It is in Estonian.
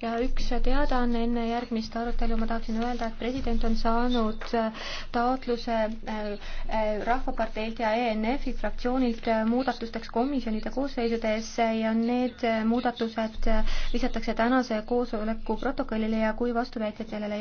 ja üks teadaanne enne järgmist arutelu, ma tahaksin öelda, et president on saanud taotluse äh, äh, Rahvaparteilt ja ENF-i fraktsioonilt muudatusteks komisjonide koosseisudes ja need muudatused äh, lisatakse tänase koosoleku protokollile ja kui vastuväiteid sellele ei